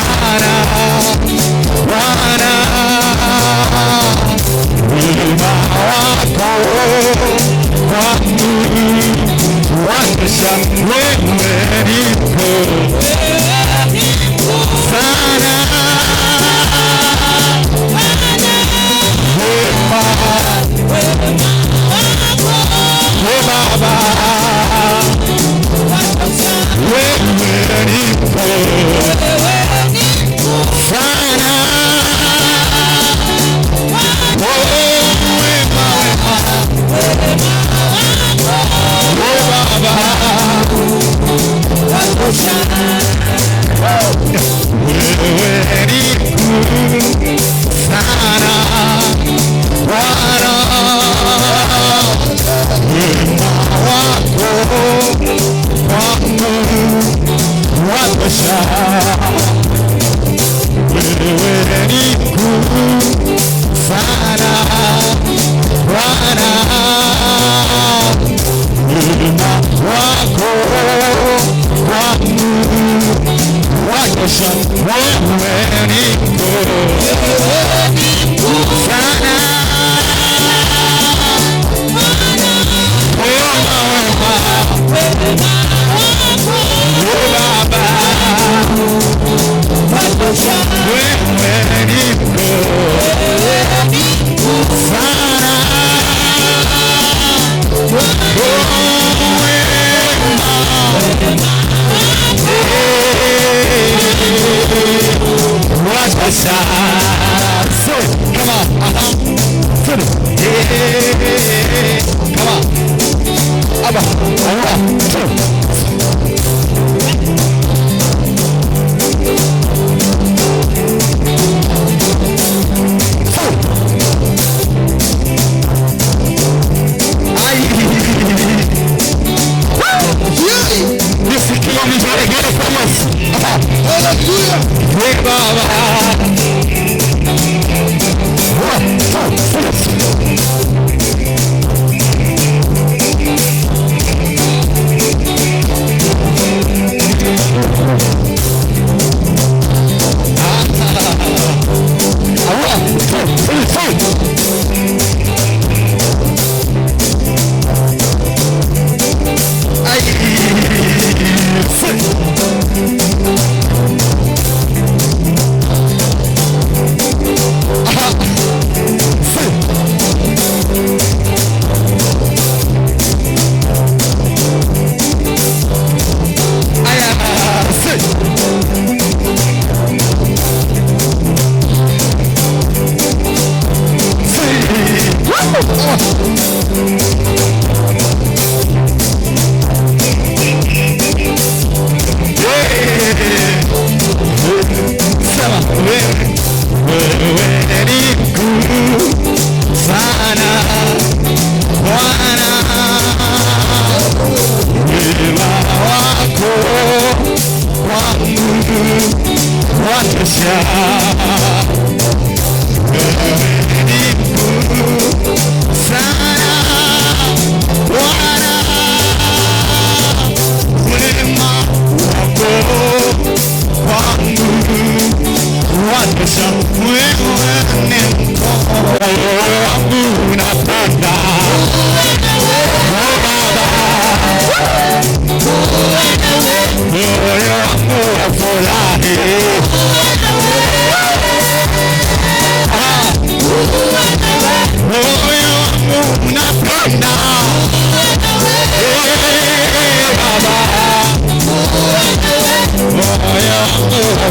sana Bwana, wima wako kwangu waonyesha wewe sana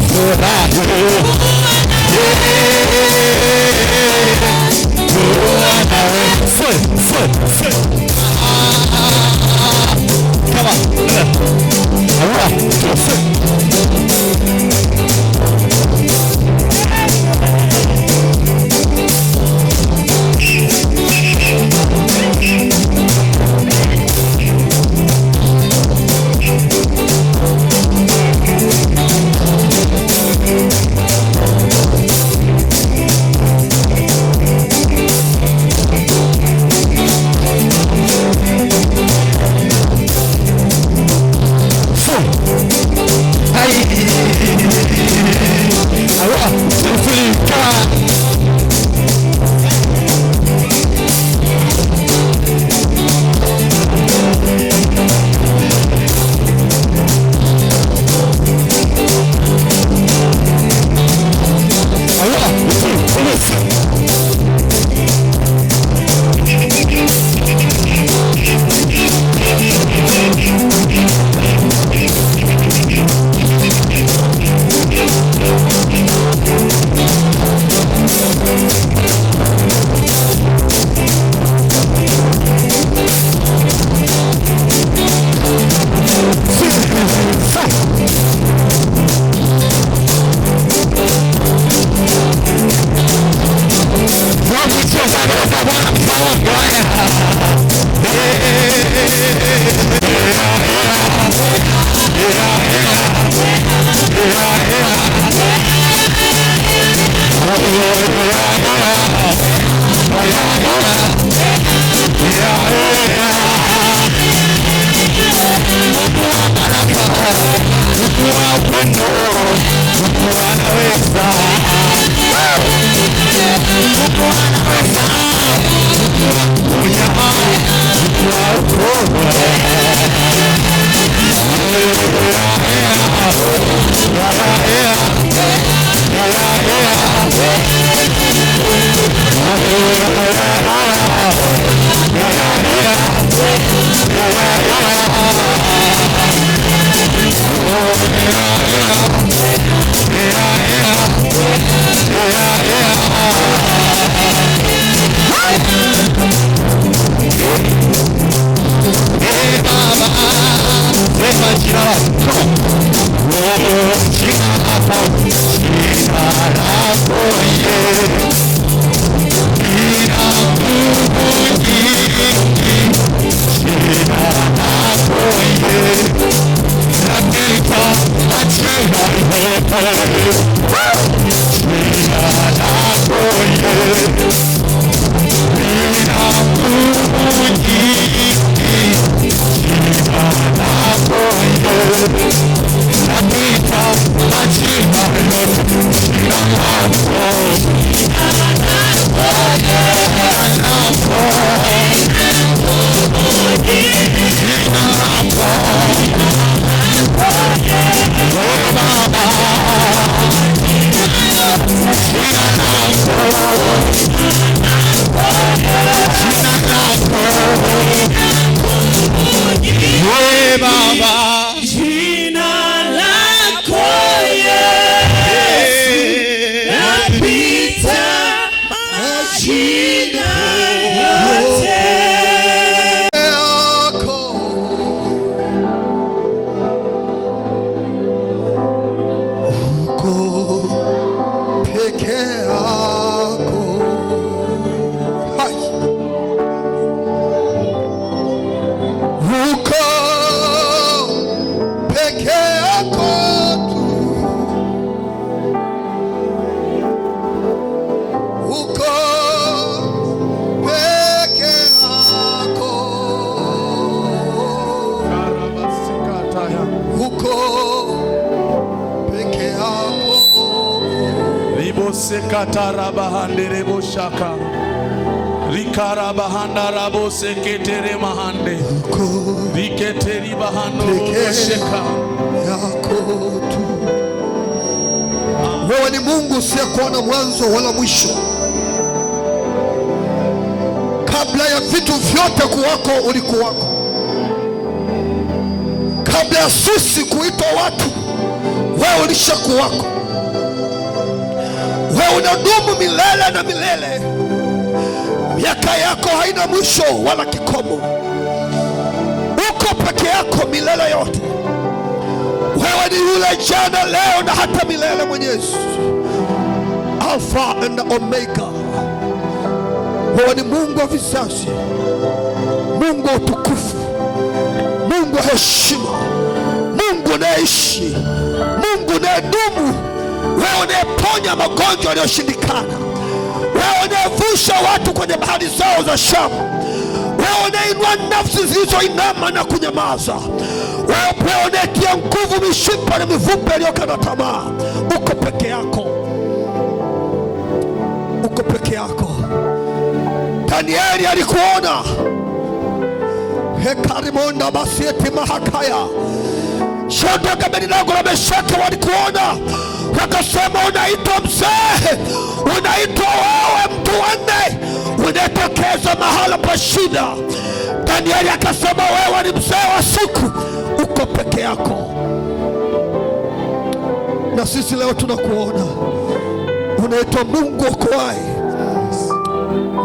furahi você seketere mahande viketeri bahano sheka yako tu. Wewe ni Mungu usiyekuwa na mwanzo wala mwisho. Kabla ya vitu vyote kuwako, ulikuwako. Kabla ya sisi kuitwa watu, wewe ulishakuwako. Wewe unadumu milele na milele. Miaka yako haina mwisho wala kikomo. Uko peke yako milele yote. Wewe ni yule jana, leo na hata milele, Mwenyezi Alfa and Omega. Wewe ni Mungu wa vizazi, Mungu wa utukufu, Mungu wa heshima, Mungu unayeishi, Mungu unayedumu, wewe unayeponya magonjwa yaliyoshindikana wewe unayevusha watu kwenye bahari zao za shamu wewe unainua nafsi zilizoinama na kunyamaza, wewe unayetia nguvu mishipa na mifupa iliyokata tamaa. Uko peke yako, uko peke yako. Danieli alikuona hekarimonda basieti mahakaya shodo gabeni lango la meshaka walikuona wakasema, unaitwa mzee, unaitwa wewe mtu wanne, unatokeza mahala pa shida. Danieli akasema, wewe ni mzee wa siku, uko peke yako. Na sisi leo tunakuona unaitwa Mungu okoaye,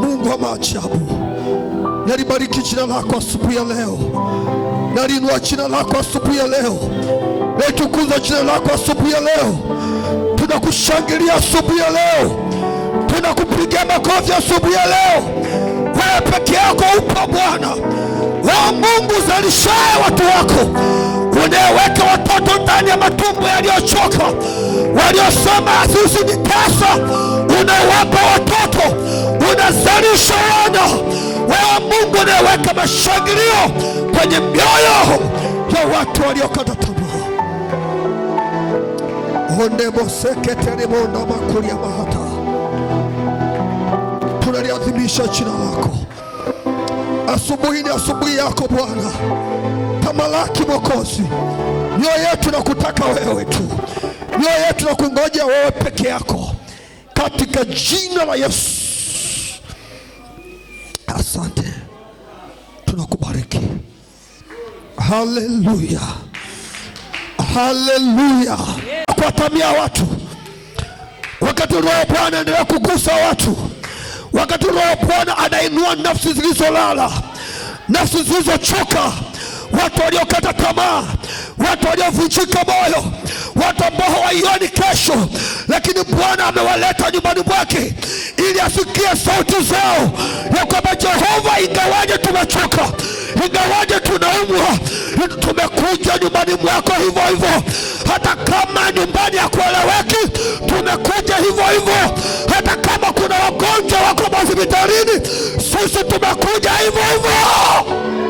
Mungu wa maajabu. Nalibariki jina lako asubuhi ya leo, nalinua jina lako asubuhi ya leo, naitukuza jina lako asubuhi ya leo tunakushangilia asubuhi ya leo, tunakupigia makofi asubuhi ya leo. Wewe peke yako upo Bwana. Wewe Mungu zalishaye watu wako unaweka watoto ndani ya matumbo yaliyochoka, waliosema sisi ni pesa unawapa watoto, unazalisha wana. Wewe Mungu unaweka mashangilio kwenye mioyo ya watu waliokata hondemoseketelimoda makulia mahata. Tunaliadhimisha jina lako asubuhi, ni asubuhi yako Bwana. Tamalaki Mwokozi, mioyo yetu na kutaka wewe tu, mioyo yetu na kungoja wewe peke yako, katika jina la Yesu. Asante, tunakubariki. Haleluya, haleluya kuwatamia watu, wakati Roho Bwana anaendelea kugusa watu, wakati Roho Bwana anainua nafsi zilizolala, nafsi zilizochoka, watu waliokata tamaa, watu waliovunjika moyo, watu ambao hawaioni kesho, lakini Bwana amewaleta nyumbani mwake ili asikie sauti zao ya kwamba Jehova, ingawaje tumechoka ingawaje tunaumwa, tumekuja nyumbani mwako hivyo hivyo. Hata kama nyumbani hakueleweki, tumekuja hivyo hivyo. Hata kama kuna wagonjwa wako hospitalini, sisi tumekuja hivyo hivyo.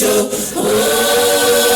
show. Oh.